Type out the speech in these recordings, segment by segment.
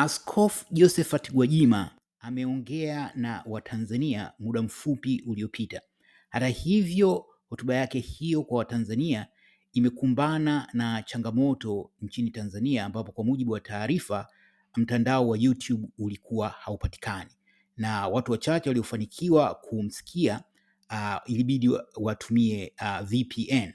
Askofu Josephat Gwajima ameongea na Watanzania muda mfupi uliopita. Hata hivyo, hotuba yake hiyo kwa Watanzania imekumbana na changamoto nchini Tanzania, ambapo kwa mujibu wa taarifa mtandao wa YouTube ulikuwa haupatikani na watu wachache waliofanikiwa kumsikia uh, ilibidi watumie uh, ah, VPN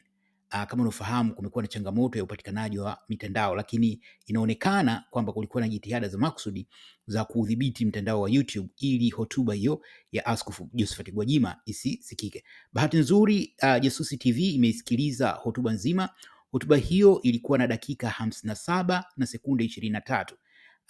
uh, kama unafahamu kumekuwa na changamoto ya upatikanaji wa mitandao, lakini inaonekana kwamba kulikuwa na jitihada za makusudi za kuudhibiti mtandao wa YouTube ili hotuba hiyo ya Askofu Josephat Gwajima isisikike. Bahati nzuri uh, Jasusi TV imeisikiliza hotuba nzima. Hotuba hiyo ilikuwa na dakika hamsini na saba na sekunde ishirini na tatu.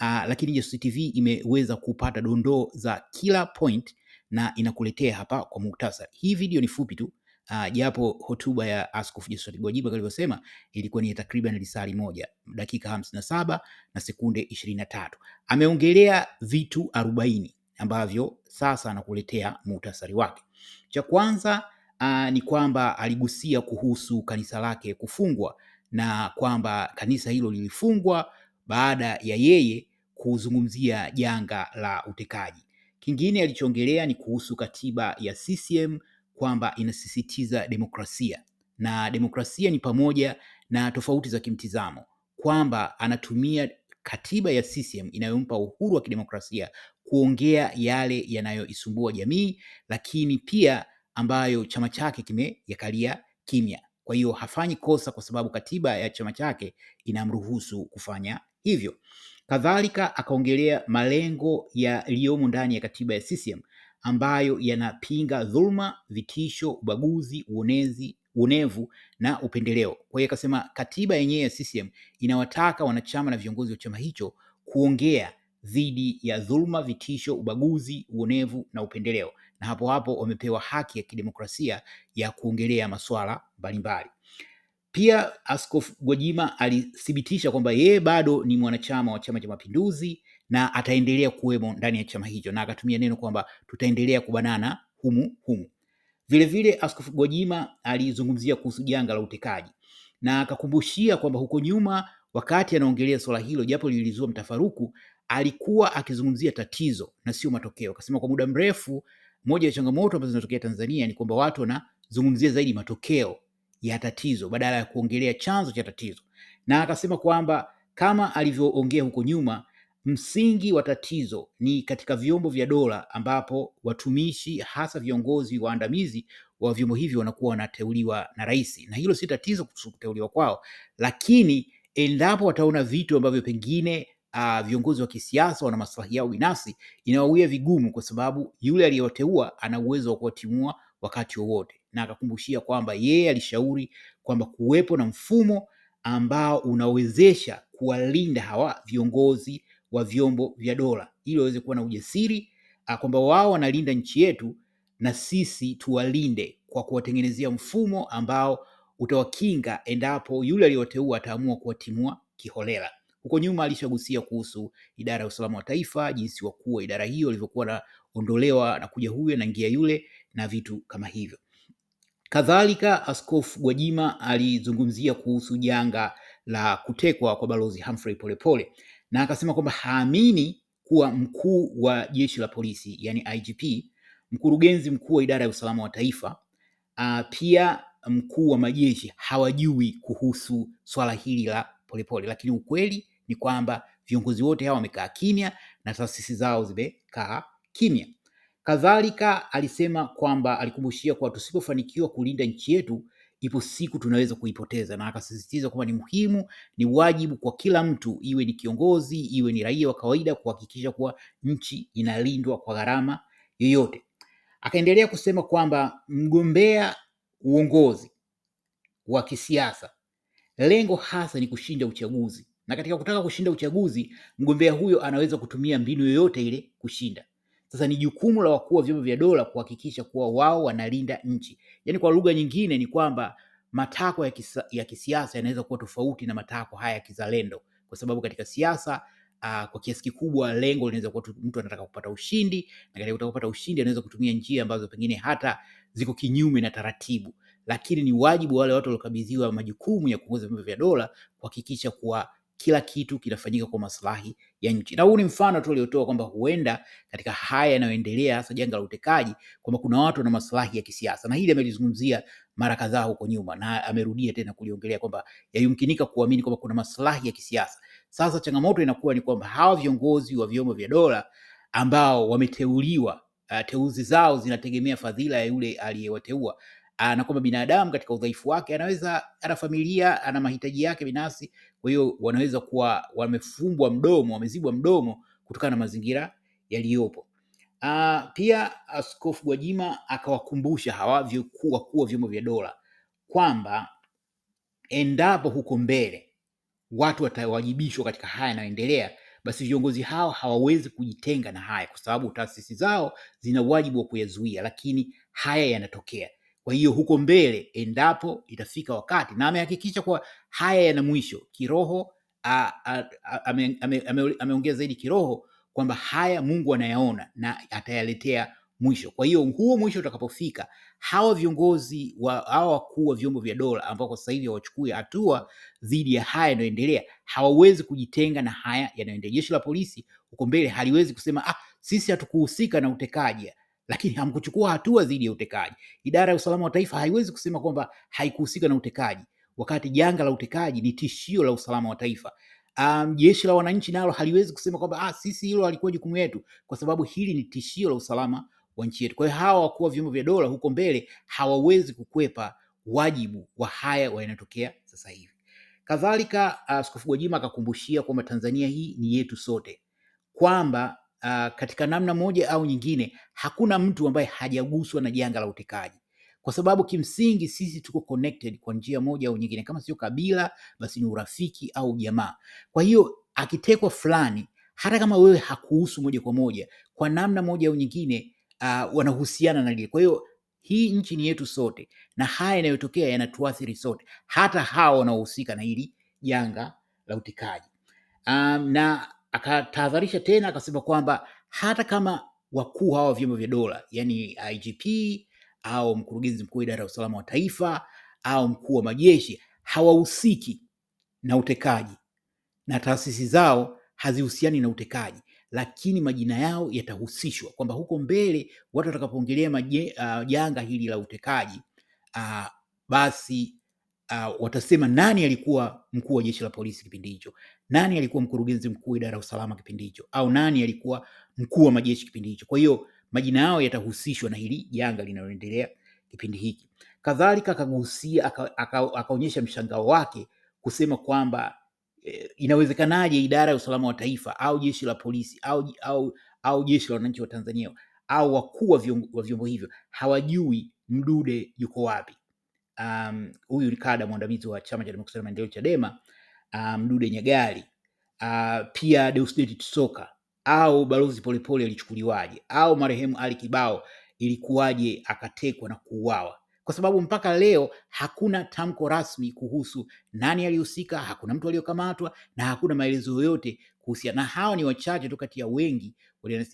Uh, lakini Jasusi TV imeweza kupata dondoo za kila point na inakuletea hapa kwa muktasari. Hii video ni fupi tu Uh, japo hotuba ya Askofu Josephat Gwajima alivyosema ilikuwa ni takriban lisali moja dakika hamsini na saba na sekunde ishirini na tatu. Ameongelea vitu arobaini ambavyo sasa anakuletea muhtasari wake. Cha kwanza uh, ni kwamba aligusia kuhusu kanisa lake kufungwa na kwamba kanisa hilo lilifungwa baada ya yeye kuzungumzia janga la utekaji. Kingine alichoongelea ni kuhusu katiba ya CCM kwamba inasisitiza demokrasia na demokrasia ni pamoja na tofauti za kimtizamo, kwamba anatumia katiba ya CCM inayompa uhuru wa kidemokrasia kuongea yale yanayoisumbua jamii, lakini pia ambayo chama chake kimeyakalia kimya. Kwa hiyo hafanyi kosa kwa sababu katiba ya chama chake inamruhusu kufanya hivyo. Kadhalika akaongelea malengo yaliyomo ndani ya katiba ya CCM ambayo yanapinga dhulma, vitisho, ubaguzi, uonezi, uonevu na upendeleo. Kwa hiyo akasema katiba yenyewe ya CCM inawataka wanachama na viongozi wa chama hicho kuongea dhidi ya dhulma, vitisho, ubaguzi, uonevu na upendeleo, na hapo hapo wamepewa haki ya kidemokrasia ya kuongelea masuala mbalimbali. Pia Askofu Gwajima alithibitisha kwamba yeye bado ni mwanachama wa Chama cha Mapinduzi na ataendelea kuwemo ndani ya chama hicho, na akatumia neno kwamba tutaendelea kubanana humu humu. Vilevile Askofu Gwajima alizungumzia kuhusu janga la utekaji na akakumbushia kwamba huko nyuma, wakati anaongelea swala hilo, japo lilizua mtafaruku, alikuwa akizungumzia tatizo na sio matokeo. Akasema kwa muda mrefu, moja ya changamoto ambazo zinatokea Tanzania ni kwamba watu wanazungumzia zaidi matokeo ya tatizo badala ya kuongelea chanzo cha tatizo, na akasema kwamba kama alivyoongea huko nyuma msingi wa tatizo ni katika vyombo vya dola ambapo watumishi hasa viongozi waandamizi wa vyombo hivyo wanakuwa wanateuliwa na rais, na hilo si tatizo kuteuliwa kwao, lakini endapo wataona vitu ambavyo pengine uh, viongozi wa kisiasa wana maslahi yao binafsi, inawawia vigumu, kwa sababu yule aliyewateua ana uwezo wa kuwatimua wakati wowote, na akakumbushia kwamba yeye alishauri kwamba kuwepo na mfumo ambao unawezesha kuwalinda hawa viongozi wa vyombo vya dola ili waweze kuwa na ujasiri ah, kwamba wao wanalinda nchi yetu na sisi tuwalinde kwa kuwatengenezea mfumo ambao utawakinga endapo yule aliyoteua ataamua kuwatimua kiholela. Huko nyuma alishagusia kuhusu idara ya usalama wa taifa, jinsi wakuu wa idara hiyo ilivyokuwa ondolewa na kuja huyo na ngia yule na vitu kama hivyo. Kadhalika, Askofu Gwajima alizungumzia kuhusu janga la kutekwa kwa Balozi Humphrey Polepole na akasema kwamba haamini kuwa mkuu wa jeshi la polisi yani IGP, mkurugenzi mkuu wa idara ya usalama wa taifa, uh, pia mkuu wa majeshi hawajui kuhusu swala hili la Polepole, lakini ukweli ni kwamba viongozi wote hawa wamekaa kimya na taasisi zao zimekaa kimya. Kadhalika alisema kwamba alikumbushia kuwa tusipofanikiwa kulinda nchi yetu ipo siku tunaweza kuipoteza, na akasisitiza kwamba ni muhimu, ni wajibu kwa kila mtu, iwe ni kiongozi, iwe ni raia wa kawaida, kuhakikisha kuwa nchi inalindwa kwa gharama yoyote. Akaendelea kusema kwamba mgombea uongozi wa kisiasa lengo hasa ni kushinda uchaguzi, na katika kutaka kushinda uchaguzi mgombea huyo anaweza kutumia mbinu yoyote ile kushinda. Sasa ni jukumu la wakuu wa vyombo vya dola kuhakikisha kuwa wao wanalinda nchi. Yaani kwa lugha nyingine ni kwamba matakwa ya, kisa, ya kisiasa yanaweza kuwa tofauti na matakwa haya ya kizalendo, kwa sababu katika siasa uh, kwa kiasi kikubwa lengo linaweza kuwa mtu anataka kupata ushindi, na katika kutaka kupata ushindi anaweza kutumia njia ambazo pengine hata ziko kinyume na taratibu, lakini ni wajibu wale watu waliokabidhiwa majukumu ya kuongoza vyombo vya dola kuhakikisha kuwa kila kitu kinafanyika kwa maslahi ya nchi. Na huu ni mfano tu aliotoa kwamba huenda katika haya yanayoendelea hasa janga la utekaji, kwamba kuna watu wana maslahi ya kisiasa, na hili amelizungumzia mara kadhaa huko nyuma na amerudia tena kuliongelea kwamba yayumkinika kuamini kwamba kuna maslahi ya kisiasa. Sasa changamoto inakuwa ni kwamba hawa viongozi wa vyombo vya dola ambao wameteuliwa, uh, teuzi zao zinategemea fadhila ya yule aliyewateua ah, na kwamba binadamu katika udhaifu wake anaweza ana familia, ana mahitaji yake binafsi. Kwa hiyo wanaweza kuwa wamefumbwa mdomo, wamezibwa mdomo kutokana na mazingira yaliyopo. Uh, pia Askofu Gwajima akawakumbusha hawa wakuu wa vyombo vya dola kwamba endapo huko mbele watu watawajibishwa katika haya yanayoendelea, basi viongozi hao hawawezi kujitenga na haya, kwa sababu taasisi zao zina wajibu wa kuyazuia, lakini haya yanatokea. Kwa hiyo huko mbele, endapo itafika wakati, na amehakikisha kuwa haya yana mwisho kiroho, ameongea zaidi kiroho kwamba haya Mungu anayaona na atayaletea mwisho. Kwa hiyo huo mwisho utakapofika, hawa viongozi wa hawa wakuu wa vyombo vya dola ambao kwa sasa hivi hawachukui hatua dhidi ya haya yanayoendelea, hawawezi kujitenga na haya yanayoendelea. Jeshi la polisi huko mbele haliwezi kusema ah, sisi hatukuhusika na utekaji, lakini hamkuchukua hatua dhidi ya utekaji. Idara ya usalama wa taifa haiwezi kusema kwamba haikuhusika na utekaji, wakati janga la utekaji ni tishio la usalama wa taifa. Um, jeshi la wananchi nalo haliwezi kusema kwamba ah, sisi hilo halikuwa jukumu yetu, kwa sababu hili ni tishio la usalama wa nchi yetu. Kwa hiyo hawa wakuu wa vyombo vya dola huko mbele hawawezi kukwepa wajibu wa haya yanayotokea sasa hivi. Kadhalika, ah, Askofu uh, Gwajima akakumbushia kwamba Tanzania hii ni yetu sote, kwamba uh, katika namna moja au nyingine hakuna mtu ambaye hajaguswa na janga la utekaji, kwa sababu kimsingi sisi tuko connected kwa njia moja au nyingine. Kama sio kabila, basi ni urafiki au jamaa. Kwa hiyo akitekwa fulani, hata kama wewe hakuhusu moja kwa moja, kwa namna moja au nyingine uh, wanahusiana na lile. Kwa hiyo hii nchi ni yetu sote, na haya yanayotokea yanatuathiri sote, hata hawa wanaohusika na hili janga la utekaji. Um, na akatahadharisha tena akasema kwamba hata kama wakuu hawa wa vyombo vya dola yani IGP au mkurugenzi mkuu wa idara ya usalama wa taifa au mkuu wa majeshi hawahusiki na utekaji na taasisi zao hazihusiani na utekaji, lakini majina yao yatahusishwa, kwamba huko mbele watu watakapoongelea ah, janga hili la utekaji uh, basi uh, watasema nani alikuwa mkuu wa jeshi la polisi kipindi hicho, nani alikuwa mkurugenzi mkuu idara ya usalama kipindi hicho, au nani alikuwa mkuu wa majeshi kipindi hicho. Kwa hiyo majina yao yatahusishwa na hili janga linaloendelea kipindi hiki. Kadhalika akagusia akaonyesha aka, aka mshangao wake kusema kwamba eh, inawezekanaje idara ya usalama wa taifa au jeshi la polisi au, au, au jeshi la wananchi wa Tanzania au wakuu wa vyombo hivyo hawajui Mdude yuko wapi huyu ni kada mwandamizi wa chama cha demokrasia na maendeleo Chadema, um, Dude Nyagali uh, pia Deusdedith Soka au balozi Polepole alichukuliwaje, au marehemu Ali Kibao ilikuwaje akatekwa na kuuawa? Kwa sababu mpaka leo hakuna tamko rasmi kuhusu nani alihusika, hakuna mtu aliyokamatwa na hakuna maelezo yoyote kuhusiana na hao. Ni wachache tu kati ya wengi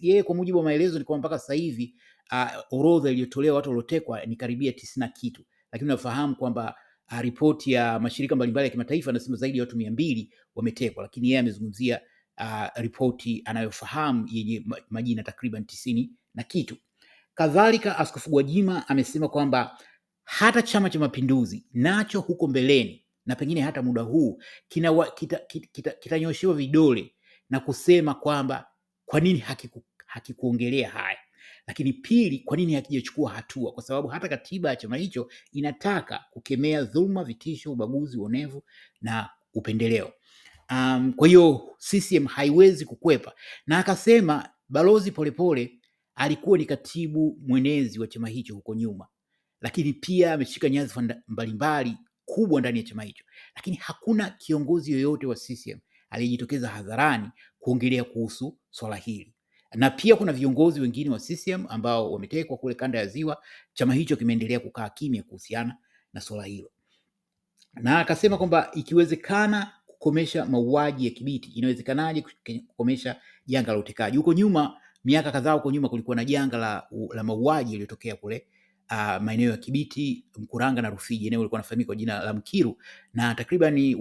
yeye. Kwa mujibu wa maelezo ni kwamba mpaka sasa hivi uh, orodha iliyotolewa watu waliotekwa ni karibia tisini na kitu lakini unafahamu kwamba ah, ripoti ya mashirika mbalimbali ya kimataifa anasema zaidi ya watu mia mbili wametekwa, lakini yeye amezungumzia uh, ripoti anayofahamu yenye majina takriban tisini na kitu. Kadhalika, Askofu Gwajima amesema kwamba hata Chama cha Mapinduzi nacho huko mbeleni na pengine hata muda huu kitanyoshewa kita, kita, kita, kita vidole na kusema kwamba kwa nini hakikuongelea hakikuongelea haya. Lakini pili, kwa nini hakijachukua hatua? Kwa sababu hata katiba ya chama hicho inataka kukemea dhuluma, vitisho, ubaguzi, uonevu na upendeleo. Um, kwa hiyo CCM haiwezi kukwepa, na akasema Balozi Polepole alikuwa ni katibu mwenezi wa chama hicho huko nyuma, lakini pia ameshika nyadhifa mbalimbali kubwa ndani ya chama hicho, lakini hakuna kiongozi yoyote wa CCM aliyejitokeza hadharani kuongelea kuhusu swala hili na pia kuna viongozi wengine wa CCM ambao wametekwa kule kanda ya Ziwa. Chama hicho kimeendelea kukaa kimya kuhusiana na swala hilo, na akasema kwamba ikiwezekana kukomesha mauaji ya Kibiti, inawezekanaje kukomesha janga la utekaji? Huko nyuma, miaka kadhaa huko nyuma, kulikuwa na janga la, la mauaji yaliyotokea kule uh, maeneo ya Kibiti, Mkuranga na Rufiji, eneo lilikuwa nafahamika kwa jina la Mkiru, na takriban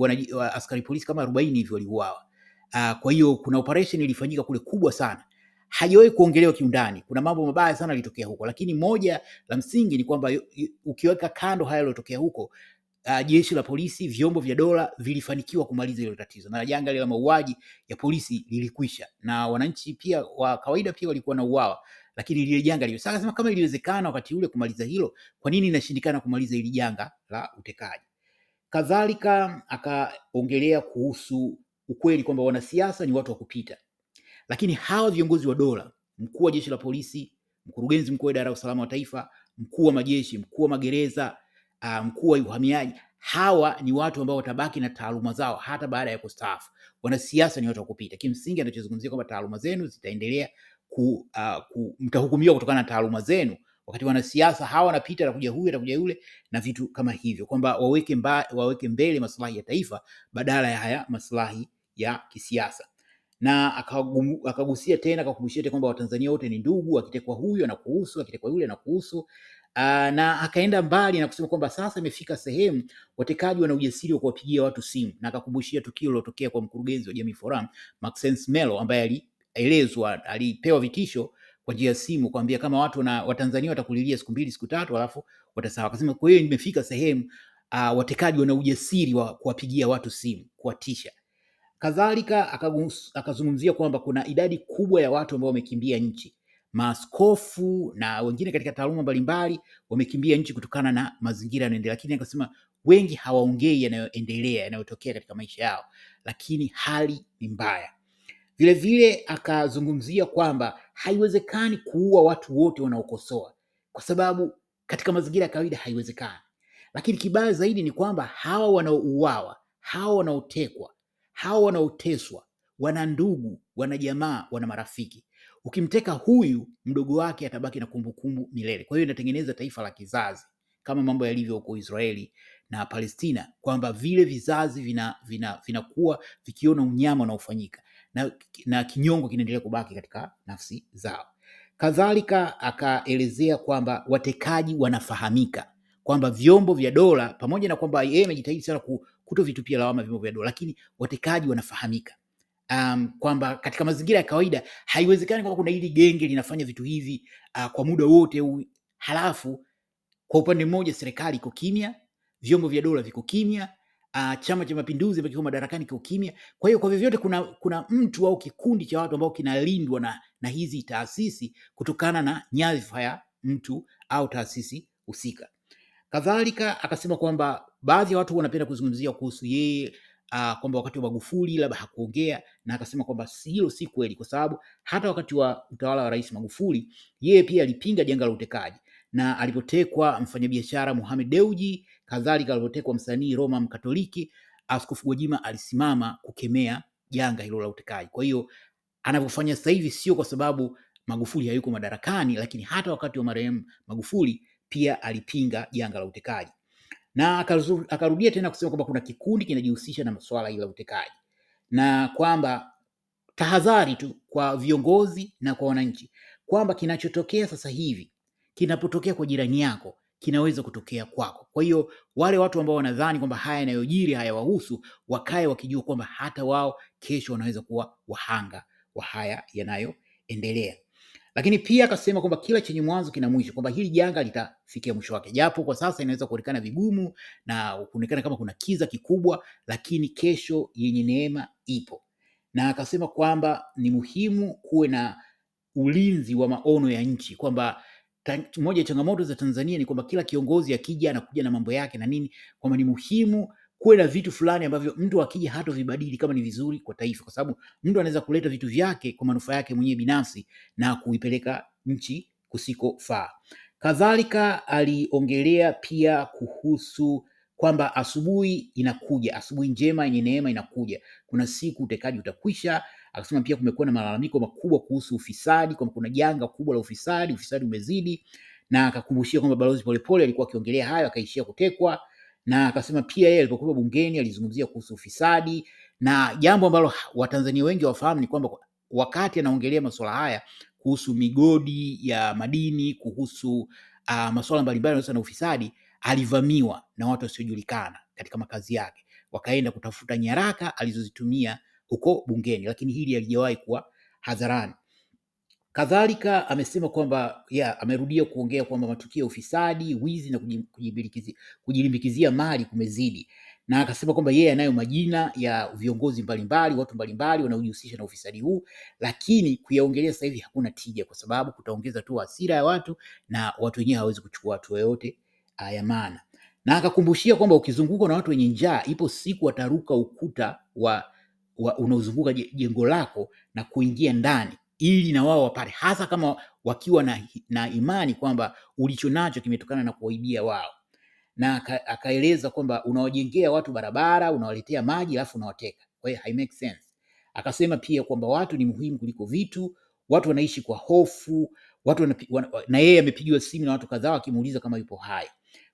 askari polisi kama 40 hivi waliuawa. Uh, kwa hiyo kuna operation ilifanyika kule kubwa sana hajawai kuongelewa kiundani. Kuna mambo mabaya sana yalitokea huko, lakini moja la msingi ni kwamba ukiweka kando haya yaliyotokea huko Uh, jeshi la polisi, vyombo vya dola vilifanikiwa kumaliza hilo tatizo, na janga la mauaji ya polisi lilikwisha, na wananchi pia wa kawaida pia walikuwa na uwawa, lakini lile janga lio Sasa nasema kama iliwezekana wakati ule kumaliza hilo, kwa nini inashindikana kumaliza hili janga la utekaji? Kadhalika akaongelea kuhusu ukweli kwamba wanasiasa ni watu wa kupita, lakini hawa viongozi wa dola, mkuu wa jeshi la polisi, mkurugenzi mkuu wa idara ya usalama wa taifa, mkuu wa majeshi, mkuu wa magereza, uh, mkuu wa uhamiaji, hawa ni watu ambao watabaki na taaluma zao hata baada ya kustaafu. Wanasiasa ni watu wa kupita. Kimsingi anachozungumzia kwamba taaluma zenu zitaendelea ku, uh, ku, mtahukumiwa kutokana na taaluma zenu wakati wanasiasa hawa wanapita, atakuja huyu atakuja yule na vitu kama hivyo, kwamba waweke waweke mbele maslahi ya taifa badala ya haya maslahi ya kisiasa na akagusia tena akakumbushia tena kwamba Watanzania wote ni ndugu, akitekwa huyu anakuhusu, akitekwa yule anakuhusu. Uh, na akaenda mbali na kusema kwamba sasa imefika sehemu watekaji wana ujasiri wa kuwapigia watu simu, na akakumbushia tukio lilotokea kwa mkurugenzi wa Jamii Forum Maxence Melo ambaye alielezwa, alipewa vitisho kwa njia ya simu, kwambia kama watu na Watanzania watakulilia siku mbili siku tatu, alafu watasawa. Akasema kwa hiyo imefika sehemu uh, watekaji wana ujasiri wa kuwapigia watu simu, kuwatisha Kadhalika akazungumzia kwamba kuna idadi kubwa ya watu ambao wamekimbia nchi, maaskofu na wengine katika taaluma mbalimbali wamekimbia nchi kutokana na mazingira yanayoendelea, lakini akasema wengi hawaongei yanayoendelea, yanayotokea katika maisha yao, lakini hali ni mbaya. Vilevile akazungumzia kwamba haiwezekani kuua watu wote wanaokosoa, kwa sababu katika mazingira ya kawaida haiwezekani, lakini kibaya zaidi ni kwamba hawa wanaouawa, hawa wanaotekwa hawa wanaoteswa wana ndugu, wana jamaa, wana marafiki. Ukimteka huyu, mdogo wake atabaki na kumbukumbu kumbu milele. Kwa hiyo inatengeneza taifa la kizazi, kama mambo yalivyo huko Israeli na Palestina, kwamba vile vizazi vinakuwa vina, vina vikiona unyama unaofanyika na, na kinyongo kinaendelea kubaki katika nafsi zao. Kadhalika akaelezea kwamba watekaji wanafahamika, kwamba vyombo vya dola pamoja na kwamba yeye amejitahidi sana kutovitupia lawama vyombo vya dola, lakini watekaji wanafahamika um, kwamba katika mazingira ya kawaida haiwezekani kwamba kuna hili genge linafanya vitu hivi uh, kwa muda wote u, halafu kwa upande mmoja serikali iko kimya, vyombo vya dola viko kimya uh, Chama cha Mapinduzi ambacho kiko madarakani kiko kimya. Kwa hiyo kwa vyovyote, kuna, kuna mtu au kikundi cha watu ambao kinalindwa na, na hizi taasisi kutokana na nyadhifa ya mtu au taasisi husika. Kadhalika akasema kwamba baadhi ya watu wanapenda kuzungumzia kuhusu yeye uh, kwamba wakati wa Magufuli labda hakuongea, na akasema kwamba hilo si kweli, kwa sababu hata wakati wa utawala wa Rais Magufuli yeye pia alipinga janga la utekaji na alipotekwa mfanyabiashara Mohamed Deuji, kadhalika alipotekwa msanii Roma Mkatoliki, Askofu Gwajima alisimama kukemea janga hilo la utekaji. Kwa hiyo anavyofanya sasa hivi sio kwa sababu Magufuli hayuko madarakani, lakini hata wakati wa marehemu Magufuli pia alipinga janga la utekaji na akarudia tena kusema kwamba kuna kikundi kinajihusisha na masuala ya utekaji na kwamba tahadhari tu kwa viongozi na kwa wananchi kwamba kinachotokea sasa hivi kinapotokea kwa jirani yako kinaweza kutokea kwako. Kwa hiyo wale watu ambao wanadhani kwamba haya yanayojiri hayawahusu wakae wakijua kwamba hata wao kesho wanaweza kuwa wahanga wa haya yanayoendelea. Lakini pia akasema kwamba kila chenye mwanzo kina mwisho, kwamba hili janga litafikia mwisho wake, japo kwa sasa inaweza kuonekana vigumu na kuonekana kama kuna kiza kikubwa, lakini kesho yenye neema ipo. Na akasema kwamba ni muhimu kuwe na ulinzi wa maono ya nchi, kwamba moja ya changamoto za Tanzania ni kwamba kila kiongozi akija anakuja na mambo yake na nini, kwamba ni muhimu kuwe na vitu fulani ambavyo mtu akija hatovibadili kama ni vizuri kwa taifa, kwa sababu mtu anaweza kuleta vitu vyake kwa manufaa yake mwenyewe binafsi na kuipeleka nchi kusikofaa. Kadhalika aliongelea pia kuhusu kwamba asubuhi inakuja, asubuhi njema yenye neema inakuja. Kuna siku utekaji utakwisha. Akasema pia kumekuwa na malalamiko makubwa kuhusu ufisadi, kwamba kuna janga kubwa la ufisadi, ufisadi umezidi, na akakumbushia kwamba Balozi Polepole alikuwa akiongelea hayo, akaishia kutekwa na akasema pia yeye alipokuwa bungeni alizungumzia kuhusu ufisadi, na jambo ambalo Watanzania wengi wafahamu ni kwamba wakati anaongelea masuala haya kuhusu migodi ya madini, kuhusu uh, masuala mbalimbali yanayohusiana na ufisadi, alivamiwa na watu wasiojulikana katika makazi yake, wakaenda kutafuta nyaraka alizozitumia huko bungeni, lakini hili halijawahi kuwa hadharani. Kadhalika amesema kwamba ya amerudia kuongea kwamba matukio ya ufisadi, wizi na kujilimbikizia mali kumezidi, na akasema kwamba yeye anayo majina ya viongozi mbalimbali, watu mbalimbali wanaojihusisha na ufisadi huu, lakini kuyaongelea sasa hivi hakuna tija, kwa sababu kutaongeza tu hasira ya watu na watu wenyewe hawawezi kuchukua hatua yoyote ah, ya maana, na akakumbushia kwamba ukizungukwa na watu wenye njaa, ipo siku wataruka ukuta wa, wa unaozunguka jengo lako na kuingia ndani ili na wao wapate, hasa kama wakiwa na, na imani kwamba ulicho nacho kimetokana na kuwaibia wao. Na akaeleza kwamba unawajengea watu barabara, unawaletea maji, alafu unawateka. Kwa hiyo hai make sense. Akasema pia kwamba watu ni muhimu kuliko vitu, watu wanaishi kwa hofu, watu wana, wana, na yeye amepigiwa simu na watu kadhaa wakimuuliza kama yupo hai.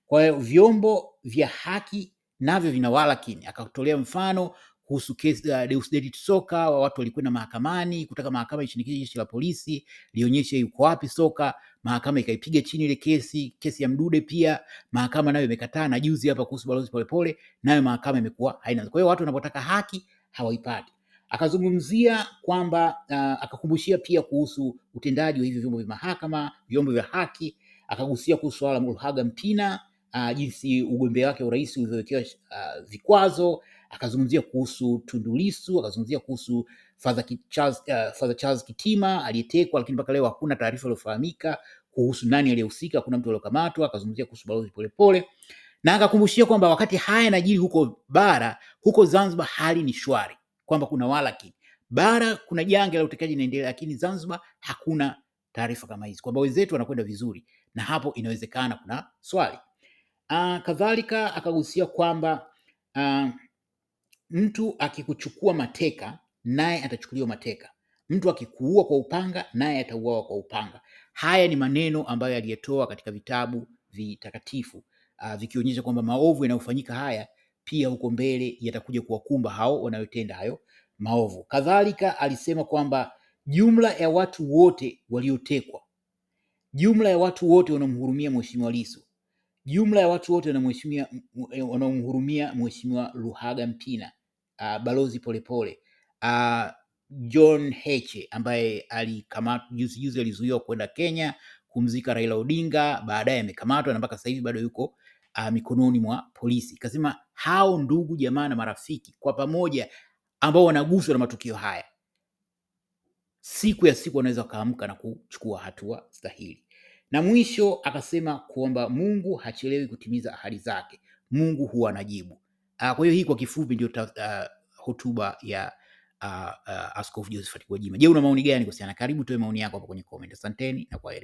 Kwa hiyo vyombo vya haki navyo vinawala kini. Akatolea mfano kuhusu kesi uh, Deus Dedit Soka wa watu walikwenda mahakamani kutaka mahakama ishinikize jeshi la polisi lionyeshe yuko wapi Soka. Mahakama ikaipiga chini ile kesi, kesi ya Mdude pia mahakama nayo imekataa, na juzi hapa kuhusu balozi Polepole nayo mahakama imekuwa haina. Kwa hiyo watu wanapotaka haki hawaipati. Akazungumzia kwamba uh, akakumbushia pia kuhusu utendaji wa hivi vyombo vya mahakama, vyombo vya haki. Akagusia kuhusu swala la Mulhaga Mpina, uh, jinsi ugombea wake urais ulivyowekewa uh, vikwazo akazungumzia kuhusu Tundulisu, akazungumzia kuhusu Father Charles, uh, Father Charles Kitima aliyetekwa, lakini mpaka leo hakuna taarifa iliyofahamika kuhusu nani aliyehusika, hakuna mtu aliyokamatwa. Akazungumzia kuhusu Balozi Polepole na akakumbushia kwamba wakati haya yanajiri huko bara, huko Zanzibar hali ni shwari, kwamba kuna walaki bara, kuna janga la utekaji linaendelea, lakini Zanzibar hakuna taarifa kama hizi, kwamba wenzetu wanakwenda vizuri, na hapo inawezekana kuna swali. Uh, kadhalika akagusia kwamba uh, Mtu akikuchukua mateka, naye atachukuliwa mateka. Mtu akikuua kwa upanga, naye atauawa kwa upanga. Haya ni maneno ambayo yaliyetoa katika vitabu vitakatifu uh, vikionyesha kwamba maovu yanayofanyika haya pia huko mbele yatakuja kuwakumba hao wanayotenda hayo maovu. Kadhalika alisema kwamba jumla ya watu wote waliotekwa, jumla ya watu wote wanaomhurumia Mheshimiwa Lissu, jumla ya watu wote wanaomhurumia Mheshimiwa Luhaga Mpina, uh, Balozi Polepole uh, ah, John Heche ambaye alikamatwa juzi juzi, alizuiwa kwenda Kenya kumzika Raila Odinga, baadaye amekamatwa na mpaka sasa hivi bado yuko uh, mikononi mwa polisi. Kasema hao ndugu jamaa na marafiki kwa pamoja ambao wanaguswa na matukio haya, siku ya siku wanaweza wakaamka na kuchukua hatua stahili. Na mwisho akasema kwamba Mungu hachelewi kutimiza ahadi zake, Mungu huwa anajibu. Uh, kwa hiyo hii kwa kifupi ndio uh, hotuba ya uh, uh, Askofu Josephat Gwajima. Je, una maoni gani kuhusiana? Karibu tuwe maoni yako hapo kwenye comment. Asanteni na kwaheri.